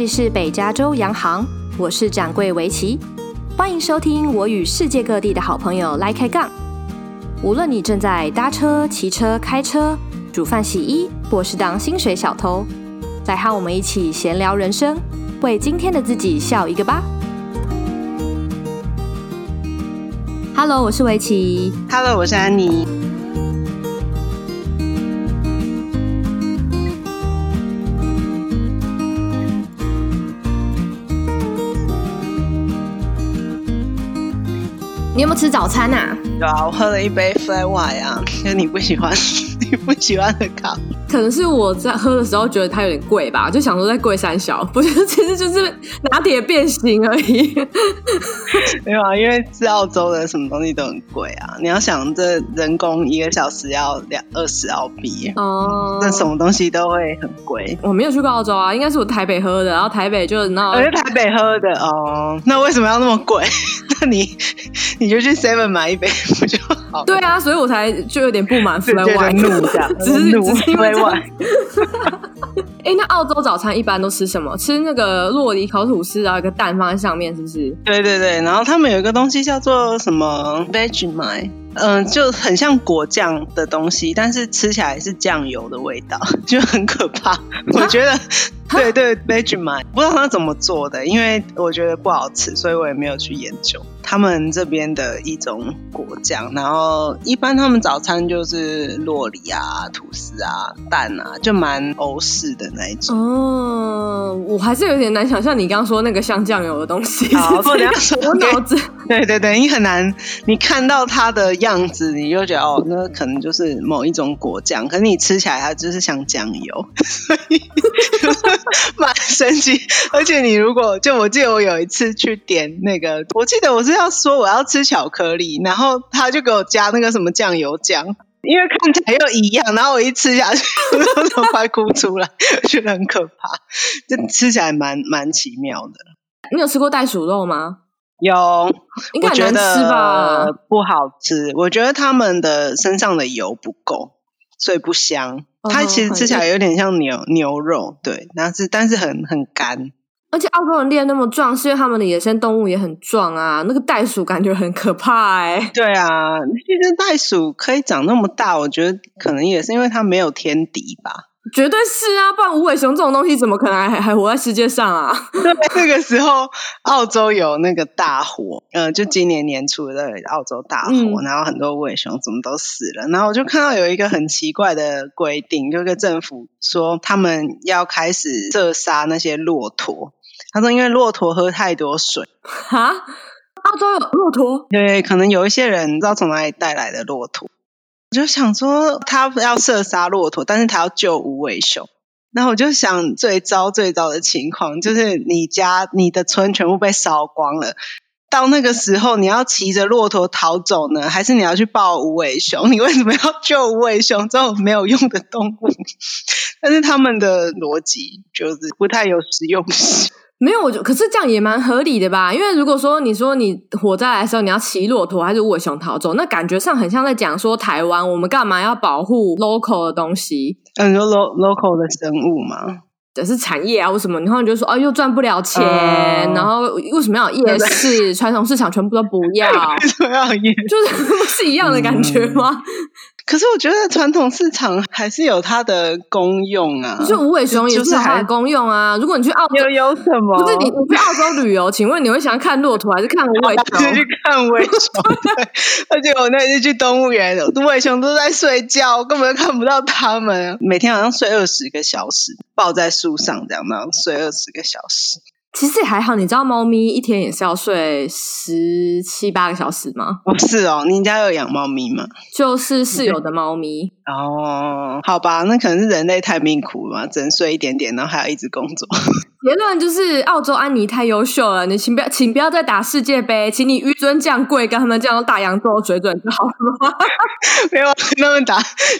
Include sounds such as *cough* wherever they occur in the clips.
這是北加州洋行，我是掌櫃薇琪，歡迎收聽我與世界各地的好朋友來開槓。無論你正在搭車、騎車、開車、煮飯、洗衣，或是當薪水小偷，來和我們一起閒聊人生，為今天的自己笑一個吧。Hello，我是薇琪。Hello，我是安妮。你有沒有吃早餐啊？對啊，我喝了一杯 Flat White 啊。就你不喜歡，你不喜歡的咖。可能是我在喝的時候覺得它有點貴吧，就想說再貴三小，我覺得其實就是拿鐵變形而已。沒有啊， *laughs* 因為是澳洲的什麼東西都很貴啊。你要想，這人工一個小時要兩二十澳幣，那、啊 oh. 嗯、什麼東西都會很貴。我沒有去過澳洲啊，應該是我台北喝的，然後台北就那我在台北喝的哦。Oh. 那為什麼要那麼貴？ *laughs* 那你你就去 Seven 買一杯不就好了？對啊，所以我才就有點不滿，出來玩弄一下只是只是因為。哎， *laughs* 那澳洲早餐一般都吃什麼？吃那個酪梨烤吐司啊，然後一個蛋放在上面，是不是？對對對。然後他們有一個東西叫做什麼？Vegemite。嗯、呃，就很像果醬的東西，但是吃起來是醬油的味道，就很可怕。蛤我覺得，蛤對對，Vegemite 蛤不知道他怎麼做的，因為我覺得不好吃，所以我也沒有去研究他們這邊的一種果醬。然後一般他們早餐就是酪梨啊、吐司啊、蛋啊，就蠻歐式的那一種。哦，我還是有點難想象你剛剛說那個像醬油的東西。好，我腦 *laughs* 腦子，對，對對對，你很難，你看到它的樣子你就覺得哦，那可能就是某一種果醬，可是你吃起來它就是像醬油，呵呵，就是、蠻神奇。而且你如果，就我記得我有一次去點那個，我記得我是要說我要吃巧克力，然後他就給我加那個什麼醬油醬，因為看起來又一樣，然後我一吃下去，我都快哭出來， *laughs* 我覺得很可怕。這吃起來蠻蠻奇妙的。你有吃過袋鼠肉嗎？有，應該很難吃吧，我覺得不好吃。我覺得他們的身上的油不夠，所以不香。它、uh huh, 其實吃起來有點像牛牛肉，對，但是但是很很乾。而且澳洲人練那麼壯，是因為他們的野生動物也很壯啊。那個袋鼠感覺很可怕哎、欸。對啊，其實袋鼠可以長那麼大，我覺得可能也是因為它沒有天敵吧。絕對是啊！不然無尾熊這種東西怎麼可能還還活在世界上啊？對，那個時候澳洲有那個大火，嗯、呃，就今年年初的澳洲大火，嗯、然後很多無尾熊怎麼都死了。然後我就看到有一個很奇怪的規定，就是、個政府說他們要開始射殺那些駱駝。他說因為駱駝喝太多水。啊，澳洲有駱駝？對，可能有一些人不知道從哪裡帶來的駱駝。我就想說，他要射殺駱駝，但是他要救無尾熊。然後我就想，最糟最糟的情況，就是你家你的村全部被燒光了。到那個時候，你要騎着駱駝逃走呢，還是你要去抱無尾熊？你為什麼要救無尾熊這種沒有用的動物？ *laughs* 但是他們的邏輯就是不太有實用性。沒有，我就可是這樣也蠻合理的吧？因為如果說你說你火災來的時候，你要騎駱駝還是無尾熊逃走，那感覺上很像在講說台灣我們幹嘛要保護 local 的東西？啊，你說 lo local 的生物嘛？只是產業啊，為什麼？然後你就說，哦，又賺不了錢，呃、然後為什麼要有夜市，對對傳統市場全部都不要？ *laughs* 要就是不是一樣的感覺嗎？嗯可是我覺得傳統市場還是有它的功用啊，就無尾熊也是它的功用啊。如果你去澳洲有，有什麼？不是你，你去澳洲旅遊， *laughs* 請問你會想要看駱駝還是看無尾熊？我去看無尾熊。 *laughs* 而且我那天去動物園，無尾熊都在睡覺，根本就看不到他們。每天好像睡二十個小時，抱在樹上這樣，那樣睡二十個小時。其實也還好，你知道貓咪一天也是要睡十七八個小時嗎？不、哦、是哦，你家有養貓咪嗎？就是室友的貓咪。哦，好吧，那可能是人類太命苦了嘛，只能睡一點點，然後還要一直工作。結論就是澳洲安妮太優秀了，你請不要請不要再打世界杯，請你紆尊降貴跟他們這樣大洋洲水準就好了嗎？ *laughs* *laughs* 沒有跟、啊、他們打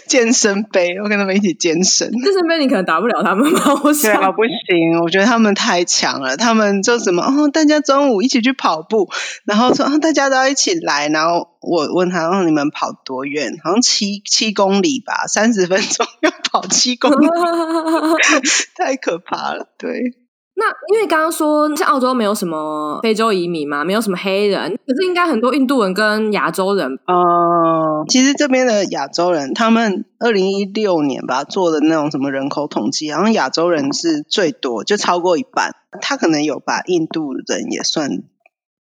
健身杯，我跟他們一起健身。健身杯你可能打不了他們嗎？我操、啊，不行！我覺得他們太強了。他們就什麼哦，大家中午一起去跑步，然後說、哦、大家都要一起來，然後我問他讓你們跑多遠？好像七七公里吧，三十分鐘要跑七公里， *laughs* 太可怕了。對。那因為剛剛說，像澳洲沒有什麼非洲移民嘛，沒有什麼黑人，可是應該很多印度人跟亞洲人。呃，其實這邊的亞洲人，他們二零一六年吧，做的那種什麼人口統計，好像亞洲人是最多，就超過一半。他可能有把印度人也算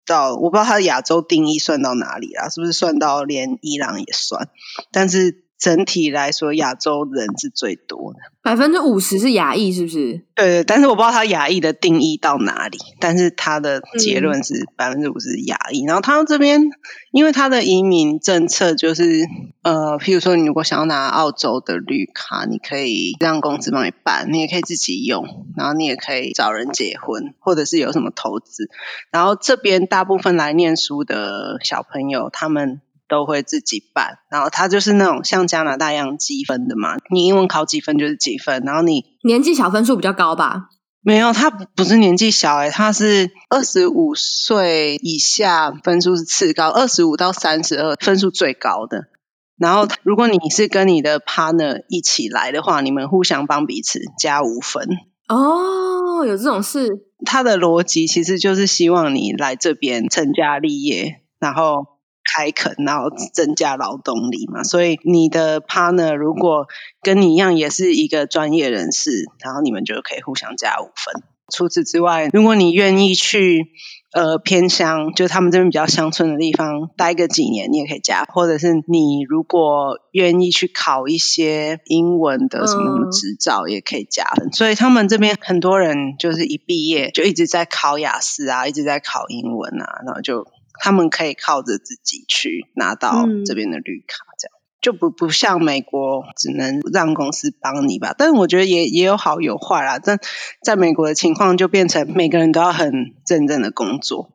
到，我不知道他的亞洲定義算到哪裡啦，是不是算到連伊朗也算？但是。整體來說，亞洲人是最多的，百分之五十是亞裔，是不是？呃，但是我不知道他亞裔的定義到哪裡，但是他的結論是百分之五十是亞裔。嗯，然後他們這邊，因為他的移民政策就是，呃，譬如說，你如果想要拿澳洲的綠卡，你可以讓公司幫你辦，你也可以自己用，然後你也可以找人結婚，或者是有什麼投資。然後這邊大部分來念書的小朋友，他們。都會自己辦，然後他就是那種像加拿大一樣積分的嘛。你英文考幾分就是幾分，然後你年紀小分數比較高吧？沒有，他不是年紀小哎，欸，他是二十五歲以下分數是次高，二十五到三十二分數最高的。然後如果你是跟你的 partner 一起來的話，你們互相幫彼此加五分哦。有這種事，他的邏輯其實就是希望你來這邊成家立業，然後。開墾，然後增加勞動力嘛。所以你的 partner 如果跟你一樣也是一個專業人士，然後你們就可以互相加五分。除此之外，如果你願意去呃偏鄉，就是他們這邊比較鄉村的地方待個幾年，你也可以加。或者是你如果願意去考一些英文的什麼什麼執照，也可以加分。嗯。所以他們這邊很多人就是一畢業就一直在考雅思啊，一直在考英文啊，然後就。他們可以靠着自己去拿到這邊的綠卡，這樣、嗯、就不不像美國，只能讓公司幫你吧。但我覺得也也有好有壞啦。但在美國的情況就變成每個人都要很認真的工作，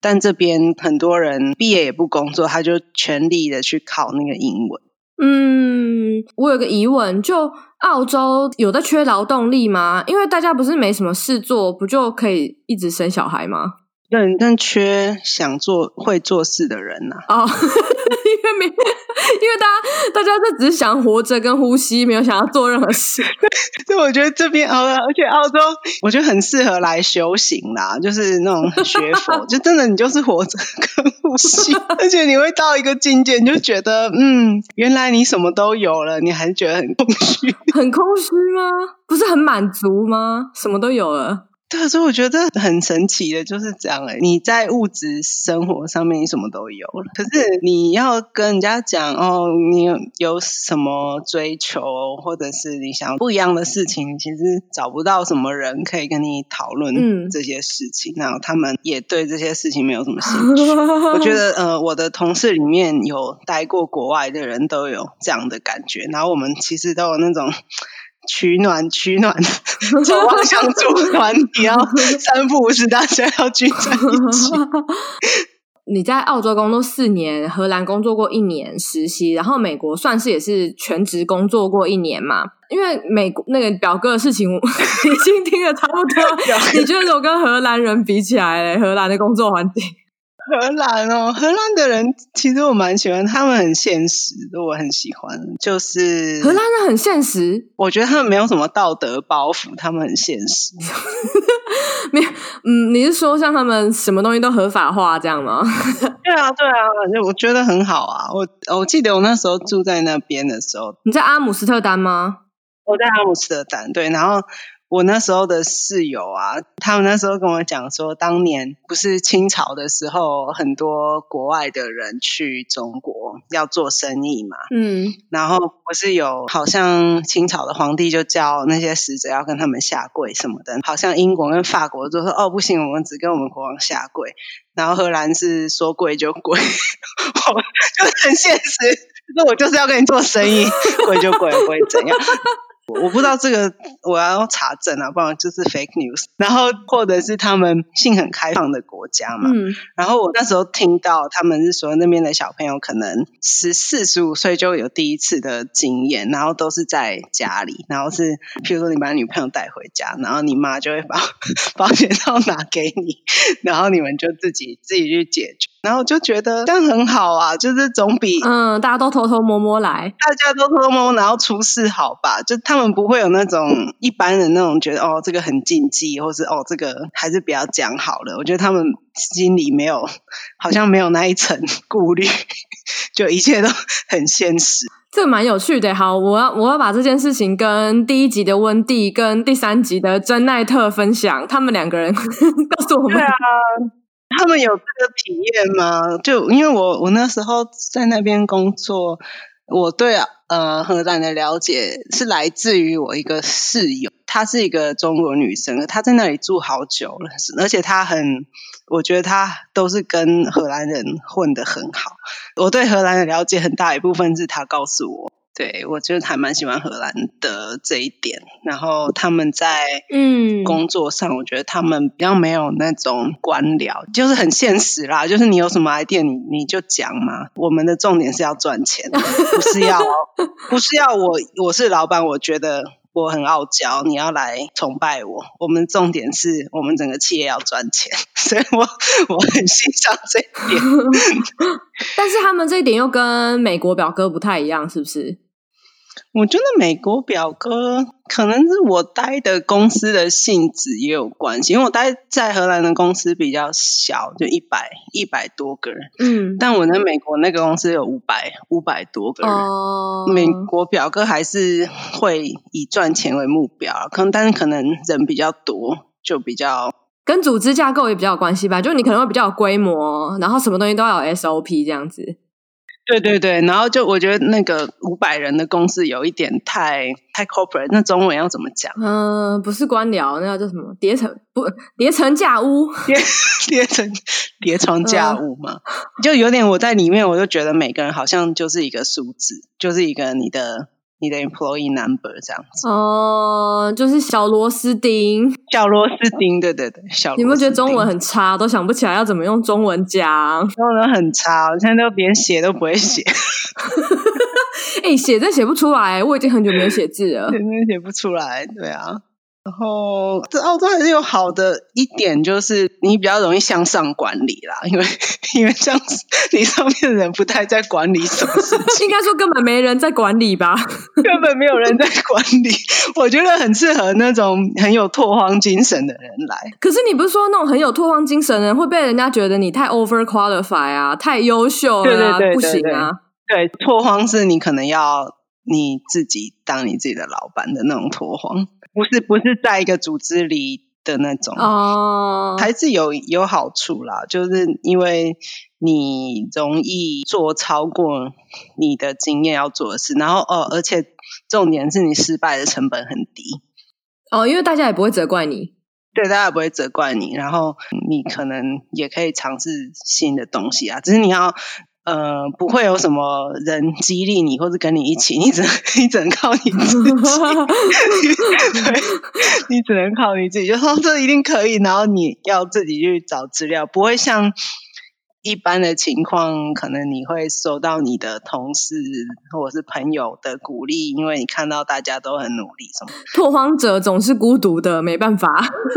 但這邊很多人畢業也不工作，他就全力的去考那個英文。嗯，我有個疑問，就澳洲有的缺勞動力嗎？因為大家不是沒什麼事做，不就可以一直生小孩嗎？更更缺想做會做事的人吶、啊！哦，oh, 因為沒因為大家大家都只是想活着跟呼吸，沒有想要做任何事。所以我覺得這邊，而而且澳洲，我覺得很適合來修行啦，就是那種學佛， *laughs* 就真的你就是活着跟呼吸，而且你會到一個境界，你就覺得嗯，原來你什麼都有了，你還是覺得很空虛，很空虛嗎？不是很滿足嗎？什麼都有了。可是我覺得很神奇的，就是這樣，哎，你在物質生活上面你什麼都有了，可是你要跟人家講哦，你有什麼追求，或者是你想不一樣的事情，其實找不到什麼人可以跟你討論這些事情，嗯、然後他們也對這些事情沒有什麼興趣。 *laughs* 我覺得呃，我的同事裡面有待過國外的人都有這樣的感覺，然後我們其實都有那種。取暖，取暖，就夢想組團， *laughs* 你要三不五時大家要聚在一起。 *laughs* 你在澳洲工作四年，荷蘭工作過一年實習，然後美國算是也是全職工作過一年嘛？因為美國那個表哥的事情 *laughs* *laughs* 已經聽了差不多。 *laughs* 你覺得我跟荷蘭人比起來，荷蘭的工作環境？荷蘭哦，荷蘭的人其實我蠻喜歡，他們很現實，我很喜歡。就是荷蘭人很現實，我覺得他們沒有什麼道德包袱，他們很現實。沒， *laughs* 嗯，你是說像他們什麼東西都合法化這樣嗎？ *laughs* 對啊，對啊，我覺得很好啊。我我記得我那時候住在那邊的時候，你在阿姆斯特丹嗎？我在阿姆斯特丹，對，然後。我那時候的室友啊，他們那時候跟我講說，當年不是清朝的時候，很多國外的人去中國要做生意嘛。嗯，然後不是有好像清朝的皇帝就叫那些使者要跟他們下跪什麼的。好像英國跟法國就說哦，不行，我們只跟我們國王下跪。然後荷蘭是說跪就跪， *laughs* 就很現實。那我就是要跟你做生意，跪就跪，不會怎樣。我不知道這個我要查證啊，不然就是 fake news。然後或者是他們性很開放的國家嘛。嗯。然後我那時候聽到他們是說那邊的小朋友可能十四十五歲就有第一次的經驗，然後都是在家裡，然後是，譬如說你把女朋友帶回家，然後你媽就會把保險套拿給你，然後你們就自己自己去解決，然後就覺得這樣很好啊，就是總比嗯大家都偷偷摸摸來，大家都偷偷摸摸，然後出事好吧，就他。他們不會有那種一般人那種覺得哦，這個很禁忌，或是哦，這個還是不要講好了。我覺得他們心裡沒有，好像沒有那一層顧慮，就一切都很現實。這蠻有趣的哈。好，我要我要把這件事情跟第一集的溫蒂跟第三集的珍奈特分享，他們兩個人告訴我們，啊，他們有這個體驗嗎？就因為我我那時候在那邊工作，我對啊。呃，荷蘭的了解，是來自於我一個室友，她是一個中國女生，她在那裡住好久了，而且她很，我覺得她都是跟荷蘭人混得很好。我對荷蘭的了解，很大一部分是她告訴我。對，我就是還蠻喜歡荷蘭的這一點。然後他們在嗯工作上，嗯、我覺得他們比較沒有那種官僚，就是很現實啦。就是你有什麼 idea，你你就講嘛。我們的重點是要賺錢，不是要不是要我我是老闆，我覺得。我很傲嬌，你要來崇拜我。我們重點是我們整個企業要賺錢，所以我我很欣賞這一點。 *laughs* 但是他們這一點又跟美國表哥不太一樣，是不是？我覺得美國表哥，可能是我待的公司的性質也有關係，因為我待在荷蘭的公司比較小，就一百一百多個人，嗯，但我在美國那個公司有五百五百多個人，哦，美國表哥還是會以賺錢為目標，可能但是可能人比較多就比較跟組織架構也比較有關係吧，就你可能會比較有規模，然後什麼東西都要有 SOP 這樣子。對對對，然後就我覺得那個五百人的公司有一點太太 corporate，那中文要怎麼講？嗯、呃，不是官僚，那叫什麼疊層不疊層架屋？疊疊疊床架屋嘛，嗯、就有點我在裡面，我就覺得每個人好像就是一個數字，就是一個你的。你的 employee number 這樣子哦，oh, 就是小螺絲釘，小螺絲釘，對對對，小螺。你有覺得中文很差，都想不起來要怎麼用中文講？中文很差，我現在都連寫都不會寫。哎、 *laughs* *laughs* 欸，寫字寫不出來，我已經很久沒有寫字了，真的寫不出來。對啊。然後，這澳洲還是有好的一點，就是你比較容易向上管理啦，因為因為這樣，你上面的人不太在管理事情， *laughs* 應該說根本沒人在管理吧？ *laughs* 根本沒有人在管理，我覺得很適合那種很有拓荒精神的人來。可是你不是說那種很有拓荒精神的人會被人家覺得你太 over qualified 啊，太優秀啦，對對對，不行啊？對，拓荒是你可能要你自己當你自己的老闆的那種拓荒。不是不是在一個組織裡的那種哦，oh. 還是有有好處啦。就是因為你容易做超過你的經驗要做的事，然後哦，而且重點是你失敗的成本很低哦，oh, 因為大家也不會責怪你，對，大家也不會責怪你，然後你可能也可以嘗試新的東西啊，只是你要。呃，不會有什麼人激勵你，或者跟你一起，你只能你只能靠你自己。 *laughs* *laughs* 對，你只能靠你自己，就說這一定可以。然後你要自己去找資料，不會像一般的情況，可能你會收到你的同事或者是朋友的鼓勵，因為你看到大家都很努力。什麼拓荒者總是孤獨的，沒辦法。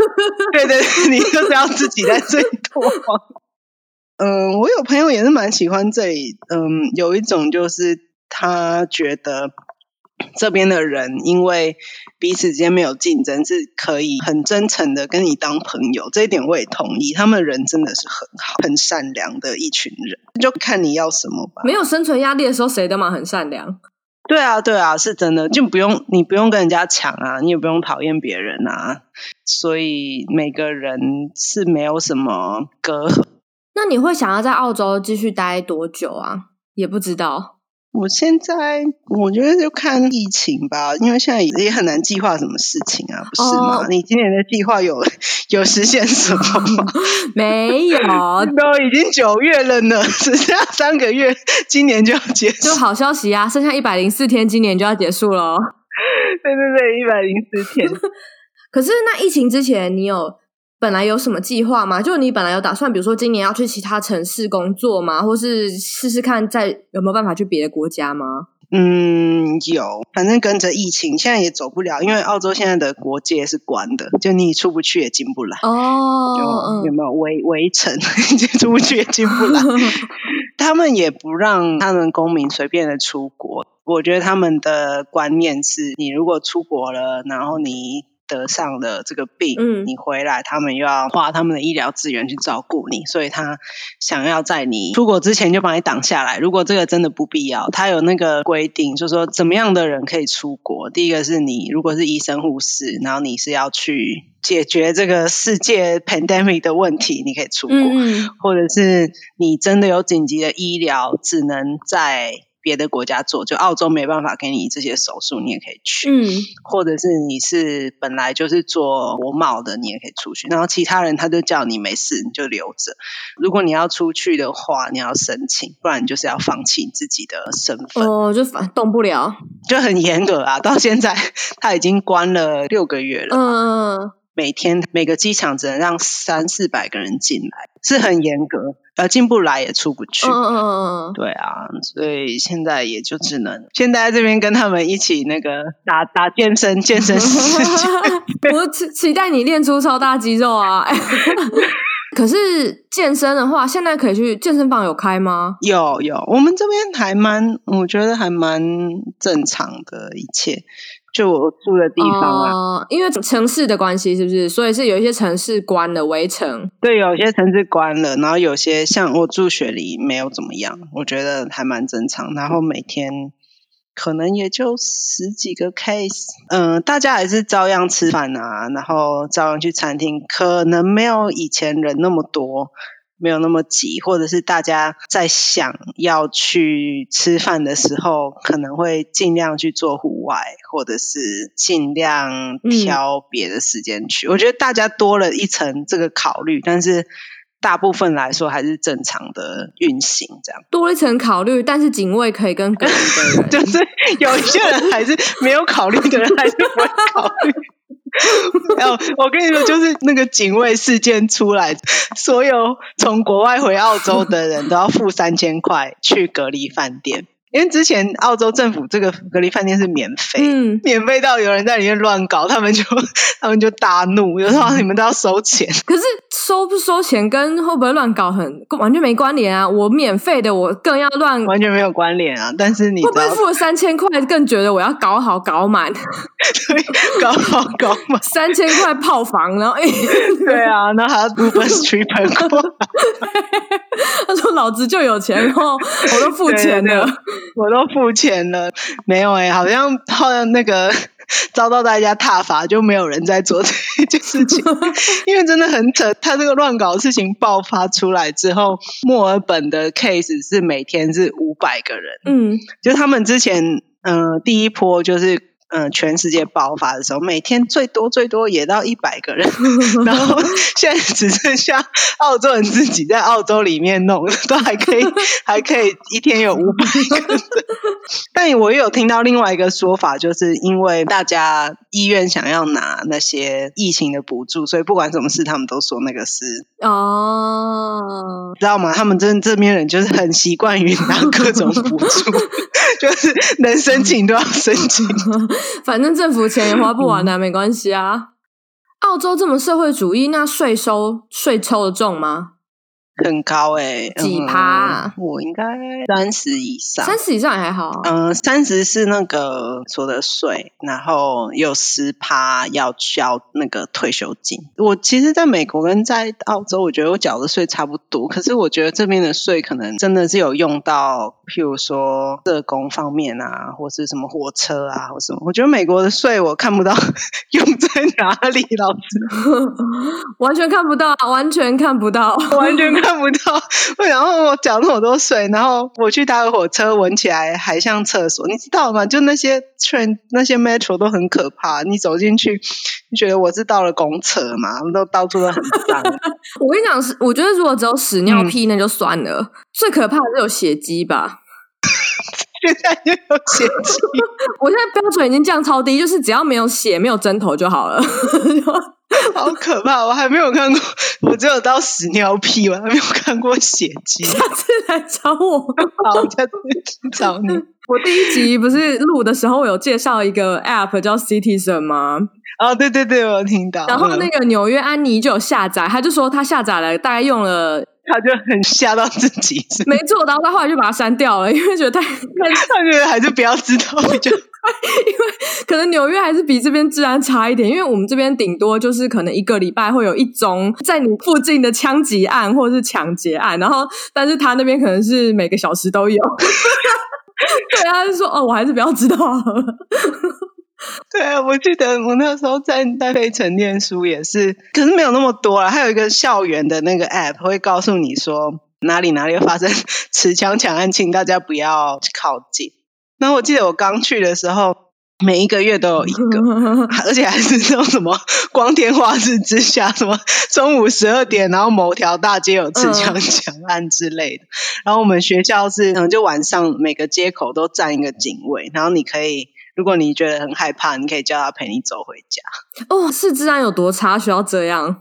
*laughs* 對，對對，你就是要自己在這裡拓荒。嗯，我有朋友也是蠻喜歡這裡。嗯，有一種就是他覺得這邊的人因為彼此之間沒有競爭，是可以很真誠的跟你當朋友。這一點我也同意，他們人真的是很好、很善良的一群人，就看你要什麼吧。沒有生存壓力的時候，誰都蠻很善良。對啊，對啊，是真的，就不用你不用跟人家搶啊，你也不用討厭別人啊，所以每個人是沒有什麼隔閡。那你會想要在澳洲繼續待多久啊？也不知道。我現在我覺得就看疫情吧，因為現在也很難計劃什麼事情啊，不是嗎？哦、你今年的計劃有有實現什麼嗎？沒有， *laughs* 都已經九月了呢，只剩下三個月，今年就要結束。就好消息啊，剩下一百零四天，今年就要結束了，哦。對對對，一百零四天。 *laughs* 可是那疫情之前，你有？本來有什麼計劃嗎？就你本來有打算，比如說今年要去其他城市工作嗎？或是試試看，再有沒有辦法去別的國家嗎？嗯，有，反正跟着疫情，現在也走不了，因為澳洲現在的國界是關的，就你出不去也進不來。哦，有沒有圍圍城， *laughs* 出不去也進不來？ *laughs* 他們也不讓他們公民隨便的出國。我覺得他們的觀念是你如果出國了，然後你。得上的這個病，嗯，你回來，他們又要花他們的醫療資源去照顧你，所以他想要在你出國之前就把你擋下來。如果這個真的不必要，他有那個規定，就是說怎麼樣的人可以出國。第一個是你如果是醫生護士，然後你是要去解決這個世界 pandemic 的問題，你可以出國；嗯嗯，或者是你真的有緊急的醫療，只能在。別的國家做，就澳洲沒辦法給你這些手術，你也可以去。嗯，或者是你是本來就是做國貿的，你也可以出去。然後其他人他就叫你沒事，你就留着。如果你要出去的話，你要申請，不然你就是要放棄自己的身份。哦，就反動不了，就很嚴格啊！到現在他已經關了六個月了。嗯。每天每個機場只能讓三四百個人進來，是很嚴格，要進不來也出不去。嗯嗯嗯，對啊，所以現在也就只能，現在在這邊跟他們一起那個打打健身健身。 *laughs* *laughs* 我期期待你練出超大肌肉啊！ *laughs* 可是健身的話，現在可以去健身房有開嗎？有有，我們這邊還蠻，我覺得還蠻正常的一切。是我住的地方啊。哦，因為城市的關係，是不是？所以是有一些城市關了圍城，對，有些城市關了，然後有些像我住雪梨沒有怎麼樣，我覺得還蠻正常。然後每天可能也就十幾個 case，嗯、呃，大家還是照樣吃飯啊，然後照樣去餐廳，可能沒有以前人那麼多。沒有那麼急，或者是大家在想要去吃飯的時候，可能會盡量去做戶外，或者是盡量挑別的時間去。嗯，我覺得大家多了一層這個考慮，但是大部分來說還是正常的運行這樣。多一層考慮，但是警衛可以跟個人，人， *laughs* 就是有一些人還是沒有考慮的人，還是不會考慮。哦， *laughs* 我跟你說，就是那個警衛事件出來，所有從國外回澳洲的人都要付三千塊去隔離飯店，因為之前澳洲政府這個隔離飯店是免費，嗯，免費到有人在裡面亂搞，他們就他們就大怒，有時候你們都要收錢，可是收不收錢跟會不會亂搞很完全沒關聯啊！我免費的，我更要亂，完全沒有關聯啊！但是你會不會付了三千塊，更覺得我要搞好搞滿，所以 *laughs* 搞好搞滿三千塊砲房，然後 *laughs* 對啊，然後還要舞步 trip，他說老子就有錢，然後我都付錢了，對對對，我都付錢了，沒有誒、欸、好像好像那個。遭到大家撻伐，就沒有人在做這件事情，嗎因為真的很扯。他這個亂搞的事情爆發出來之後，墨爾本的 case 是每天是五百個人，嗯，就他們之前，嗯、呃，第一波就是。嗯，全世界爆發的時候，每天最多最多也到一百個人，然後現在只剩下澳洲人自己在澳洲裡面弄，都還可以，還可以一天有五百個 *laughs* 但我又有聽到另外一個說法，就是因為大家醫院想要拿那些疫情的補助，所以不管什麼事，他們都說那個事，哦，知道嗎？他們這這邊人就是很習慣於拿各種補助， *laughs* 就是能申請都要申請。反正政府錢也花不完的，啊，沒關係啊。 *laughs* 澳洲這麼社會主義，那稅收稅抽得重嗎？很高哎，欸，幾趴、嗯？我應該三十以上，三十以上還好，啊。嗯，三十是那個所得稅，然後有十趴要交那個退休金。我其實在美國跟在澳洲，我覺得我繳的稅差不多。可是我覺得這邊的稅可能真的是有用到。譬如說，社工方面啊，或是什麼火車啊，或什麼，我覺得美國的稅我看不到 *laughs* 用在哪裡，老師 *laughs* 完全看不到，完全看不到， *laughs* 完全看不到。然後我繳那麼多稅，然後我去搭個火車，聞起來還像廁所，你知道嗎？就那些 train，那些 metro 都很可怕，你走進去。.你覺得我是到了公廁嗎？都到處都很髒，啊。 *laughs* 我跟你講，是我覺得如果只有屎尿屁那就算了，嗯、最可怕的是有血跡吧。 *laughs* 現在就有血跡， *laughs* 我現在標準已經降超低，就是只要沒有血、沒有針頭就好了。 *laughs* 好可怕，我還沒有看過，我只有到屎尿屁，我還沒有看過血跡。下次來找我，好，下次去找你。 *laughs* 我第一集不是錄的時候我有介紹一個 app 叫 Citizen 嗎？啊、哦，對對對，我有聽到。然後那個紐約安妮就有下載，他就說他下載了，大概用了。他就很嚇到自己是是，沒錯。然後他後來就把他刪掉了，因為覺得太，他覺得還是不要知道。我覺得，因為可能紐約還是比這邊治安差一點，因為我們這邊頂多就是可能一個禮拜會有一宗在你附近的槍擊案或者是搶劫案，然後但是他那邊可能是每個小時都有。 *laughs* *laughs* 對，他就說：“哦，我還是不要知道對啊，我記得我那時候在費城念書也是，可是沒有那麼多了、啊。還有一個校園的那個 app 會告訴你說哪裡哪裡發生持槍搶案，請大家不要靠近。然後我記得我剛去的時候，每一個月都有一個，嗯啊、而且還是那種什麼光天化日之下，什麼中午十二點，然後某條大街有持槍搶案之類的。嗯、然後我們學校是，可能就晚上每個街口都站一個警衛，然後你可以。如果你覺得很害怕，你可以叫他陪你走回家。哦，是治安有多差，需要這樣？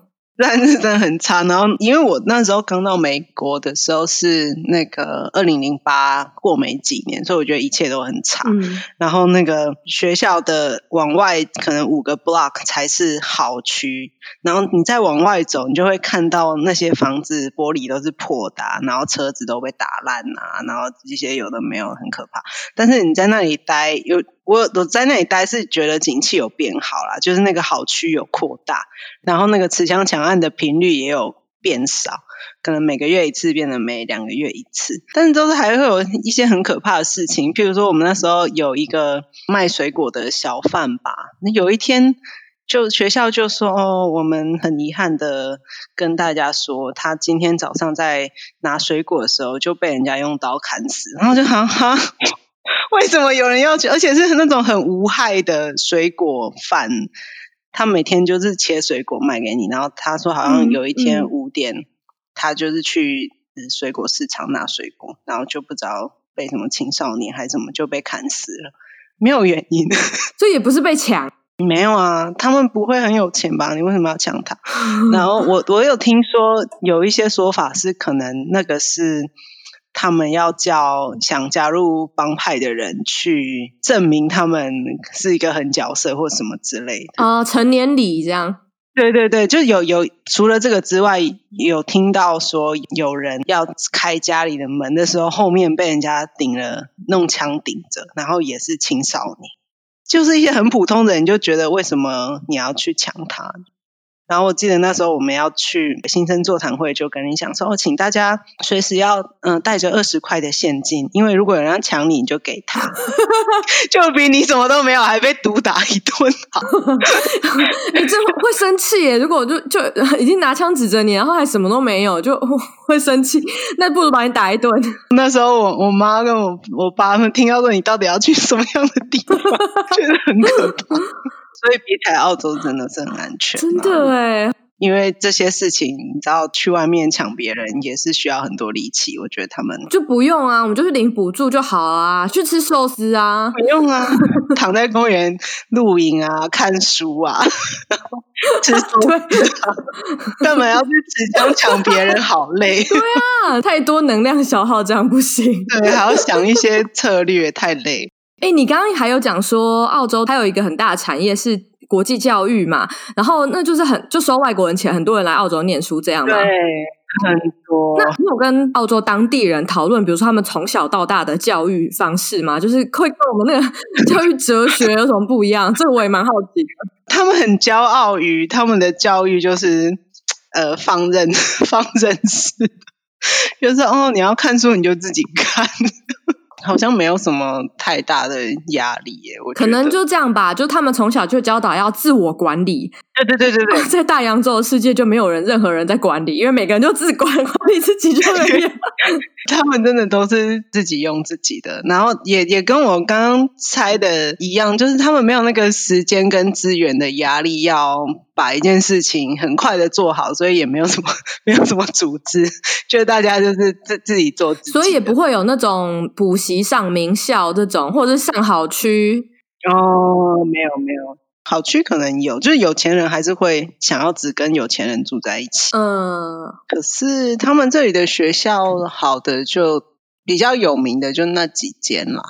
治安很差。然後，因為我那時候剛到美國的時候是那個二零零八過沒幾年，所以我覺得一切都很差。嗯、然後，那個學校的往外可能五個 block 才是好區。然後你再往外走，你就會看到那些房子玻璃都是破的，然後車子都被打爛啊，然後一些有的沒有，很可怕。但是你在那裡待有我，我在那裡待是覺得景氣有變好了，就是那個好區有擴大，然後那個持槍搶案的頻率也有變少，可能每個月一次變得每兩個月一次，但是都是還會有一些很可怕的事情，譬如說我們那時候有一個賣水果的小販吧，那有一天。就學校就說，哦，我們很遺憾的跟大家說，他今天早上在拿水果的時候就被人家用刀砍死，然後就啊哈，為什麼有人要去？而且是那種很無害的水果販，他每天就是切水果賣給你。然後他說，好像有一天五點，嗯嗯，他就是去水果市場拿水果，然後就不知道被什麼青少年還怎麼就被砍死了，沒有原因，這也不是被搶。沒有啊，他們不會很有錢吧？你為什麼要搶他？ *laughs* 然後我我有聽說有一些說法是，可能那個是他們要叫想加入幫派的人去證明他們是一個狠角色或什麼之類的啊、呃，成年禮這樣？對對對，就有有除了這個之外，有聽到說有人要開家裡的門的時候，後面被人家頂了，弄槍頂着，然後也是青少年。就是一些很普通的人，就覺得為什麼你要去搶他？然後我記得那時候我們要去新生座談會，就跟你講說：“我、哦、請大家隨時要嗯、呃、帶着二十塊的現金，因為如果有人要搶你，你就給他， *laughs* 就比你什麼都沒有還被毒打一頓好。” *laughs* 你這會生氣耶？如果就就已經拿槍指着你，然後還什麼都沒有，就會生氣。那不如把你打一頓。那時候我我媽跟我我爸們聽到說你到底要去什麼樣的地方， *laughs* 覺得很可怕。所以比台澳洲真的是很安全，啊，真的哎、欸！因為這些事情，你知道，去外面搶別人也是需要很多力氣。我覺得他們就不用啊，我們就是領補助就好啊，去吃壽司啊，不用啊，躺在公園露營啊，看書啊， *laughs* *laughs* 吃壽司啊，幹嘛、啊、 *laughs* 要去只想搶別人？好累！ *laughs* 對啊，太多能量消耗，這樣不行。對，還要想一些策略，太累。哎，你剛剛還有講說，澳洲它有一個很大的產業是國際教育嘛，然後那就是很就收外國人錢，很多人來澳洲念書這樣的。對，很多。那你有跟澳洲當地人討論，比如說他們從小到大的教育方式嗎？就是會跟我們那個教育哲學有什麼不一樣？ *laughs* 這個我也蠻好奇的。他們很驕傲於他們的教育，就是呃任任，就是呃放任放任式。就是哦，你要看書你就自己看。好像沒有什麼太大的壓力耶，我覺得可能就這樣吧。就他們從小就教導要自我管理。對對對對對，對、啊，在大洋洲的世界就沒有人任何人在管理，因為每個人都自管。 *laughs* *laughs* 你自己做 *laughs* 他們真的都是自己用自己的，然後也也跟我剛剛猜的一樣，就是他們沒有那個時間跟資源的壓力，要把一件事情很快的做好，所以也沒有什麼沒有什麼組織，就大家就是自自己做自己，所以也不會有那種補習上名校這種，或者是上好區。哦，沒有沒有。好區可能有，就是有錢人還是會想要只跟有錢人住在一起。嗯，可是他們這裡的學校好的就比較有名的就那幾間啦。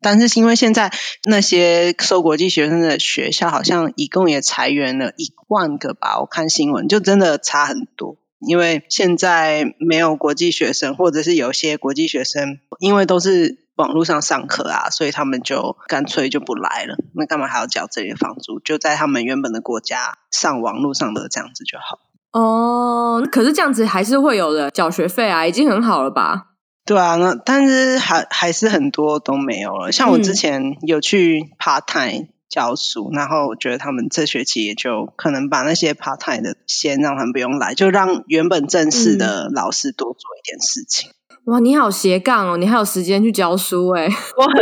但是因為現在那些收國際學生的學校好像一共也裁員了一萬個吧，我看新聞就真的差很多，因為現在沒有國際學生，或者是有些國際學生因為都是。網絡上上課啊，所以他們就乾脆就不來了。那幹嘛還要繳這裡的房租？就在他們原本的國家上網絡上的這樣子就好。哦，可是這樣子還是會有人繳學費啊，已經很好了吧？對啊，那但是還還是很多都沒有了。像我之前有去 part time 教書，嗯、然後我覺得他們這學期也就可能把那些 part time 的先讓他們不用來，就讓原本正式的老師多做一點事情。嗯哇，你好斜槓哦，你還有時間去教書哎？我很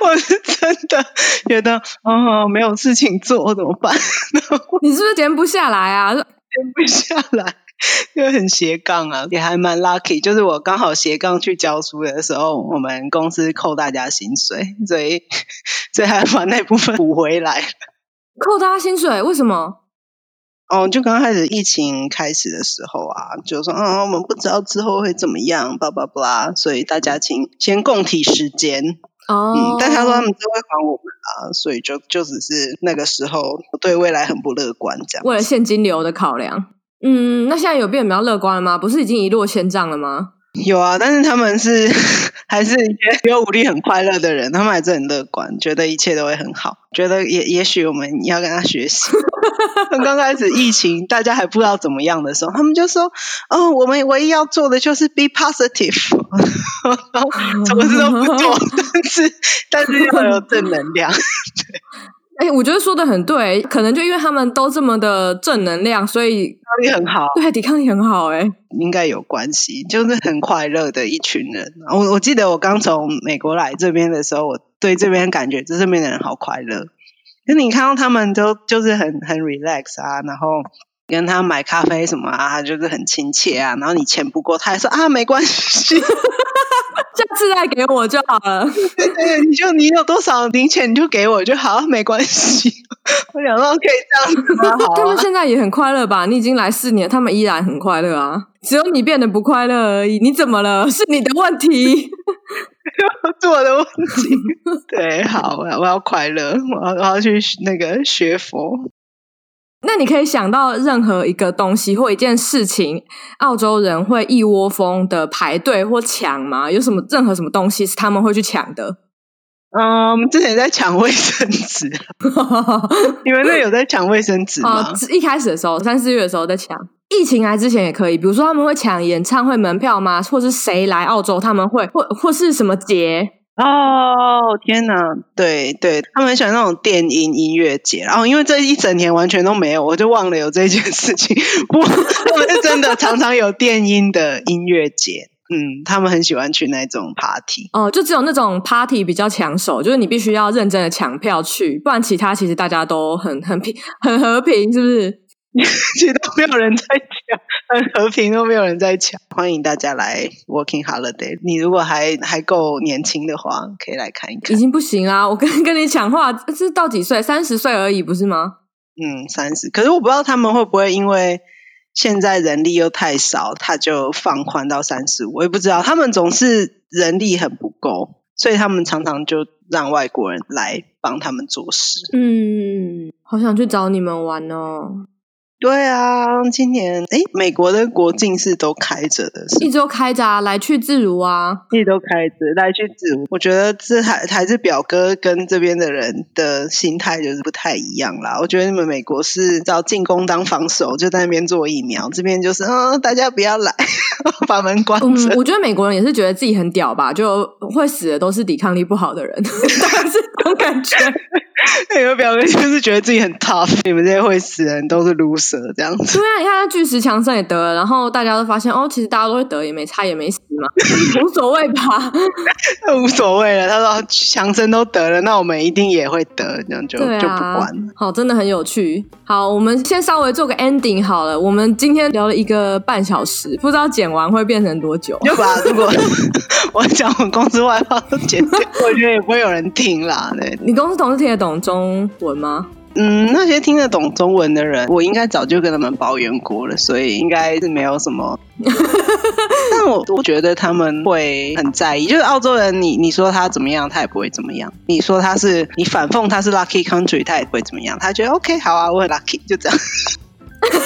我是真的覺得，哦，沒有事情做怎麼辦呢？你是不是閒不下來啊？閒不下來，因為很斜槓啊，也還蠻 lucky，就是我剛好斜槓去教書的時候，我們公司扣大家薪水，所以所以還把那部分補回來。扣大家薪水，為什麼？哦，oh, 就剛開始疫情開始的時候啊，就說啊、哦，我們不知道之後會怎麼樣，叭叭啦。所以大家請先共體時艱哦、oh. 嗯。但他說他們都會還我們啊，所以就就只是那個時候對未來很不樂觀這樣，為了現金流的考量，嗯。那現在有變得比較樂觀了嗎？不是已經一落千丈了嗎？有啊，但是他們是還是一些比較無慮、很快樂的人，他們還是很樂觀，覺得一切都會很好，覺得也也許我們要跟他學習。 *laughs* 剛開始疫情，大家還不知道怎麼樣的時候，他們就說：“哦，我們唯一要做的就是 be positive，然後什麼事都不做 *laughs* 但，但是但是又有正能量。對”哎、欸，我覺得說的很對，可能就因為他們都這麼的正能量，所以抵抗力很好，對，抵抗力很好、欸。哎，應該有關係，就是很快樂的一群人。我我記得我剛從美國來這邊的時候，我對這邊感覺，這這邊的人好快樂。就你看到他們都就是很很 relax 啊，然後跟他買咖啡什麼啊，他就是很親切啊，然後你錢不夠，他還說啊，沒關係。 *laughs* 下次再給我就好了。對，對對，你就你有多少零錢你就給我就好，沒關係。 *laughs* 我兩萬可以這樣。 *laughs* 啊啊、他們現在也很快樂吧？你已經來四年，他們依然很快樂啊。只有你變得不快樂而已。你怎麼了？是你的問題，是 *laughs* *laughs* 我的問題。對，好，我要我要快樂，我要我要去那個學佛。那你可以想到任何一個東西或一件事情，澳洲人會一窩蜂的排隊或搶嗎？有什麼任何什麼東西是他們會去搶的？嗯，我們之前在搶衛生紙， *laughs* 你們那有在搶衛生紙嗎？ *laughs* uh, 一開始的時候，三四月的時候在搶，疫情來之前也可以。比如說他們會搶演唱會門票嗎？或是誰來澳洲他們會或或是什麼節？哦天哪，對對，他們很喜歡那種電音音樂節，然後因為這一整年完全都沒有，我就忘了有這件事情。我他們是真的常常有電音的音樂節，嗯，他們很喜歡去那種 party。哦，就只有那種 party 比較搶手，就是你必須要認真的搶票去，不然其他其實大家都很很平很和平，是不是？其實都沒有人在搶。和平都沒有人在搶，歡迎大家來 Working Holiday。你如果還還夠年輕的話，可以來看一看。已經不行啊！我剛跟你講話，是到幾歲？三十歲而已，不是嗎？嗯，三十。可是我不知道他們會不會因為現在人力又太少，他就放寬到三十五，我也不知道。他們總是人力很不夠，所以他們常常就讓外國人來幫他們做事。嗯，好想去找你們玩哦。對啊，今年哎，美國的國境是都開着的，一直都開着啊，來去自如啊，一直都開着，來去自如。我覺得這還還是表哥跟這邊的人的心態就是不太一樣啦。我覺得你們美國是照進攻當防守，就在那邊做疫苗，這邊就是嗯、啊，大家不要來，把門關、嗯、我覺得美國人也是覺得自己很屌吧，就會死的都是抵抗力不好的人， *laughs* 是這種感覺。 *laughs* *laughs* *laughs* 你們表哥就是覺得自己很 tough，你們這些會死的人都是如蛇這樣子。對啊，你看他巨石強森也得了，然後大家都發現哦，其實大家都會得，也沒差，也沒死。 *laughs* 無所謂吧， *laughs* 無所謂了。他說強生都得了，那我們一定也會得，這樣就、啊、就不管了。好，真的很有趣。好，我們先稍微做個 ending 好了。我們今天聊了一個半小時，不知道剪完會變成多久。要不然如果 *laughs* *laughs* 我講我公司外包剪掉，我覺得也不會有人聽啦。你公司同事聽得懂中文嗎？嗯，那些聽得懂中文的人，我應該早就跟他們抱怨過了，所以應該是沒有什麼。 *laughs* 但我都覺得他們會很在意。就是澳洲人，你你說他怎麼樣，他也不會怎麼樣。你說他是你反諷他是 lucky country，他也不會怎麼樣。他覺得 OK 好啊，我很 lucky 就這樣。 *laughs*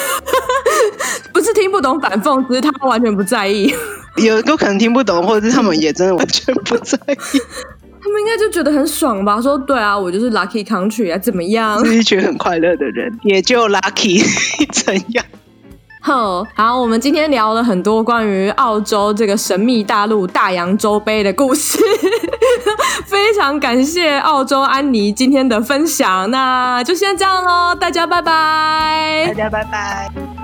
*laughs* 不是聽不懂反諷，只是他們完全不在意。 *laughs* 有都可能聽不懂，或者是他們也真的完全不在意。 *laughs* 他們應該就覺得很爽吧？說，對啊，我就是 lucky country 啊，怎麼樣？是一群很快樂的人，也就 lucky 怎樣？ *laughs* 好，好，我們今天聊了很多關於澳洲這個神秘大陸大洋洲杯的故事， *laughs* 非常感謝澳洲安妮今天的分享，那就先這樣嘍，大家拜拜，大家拜拜。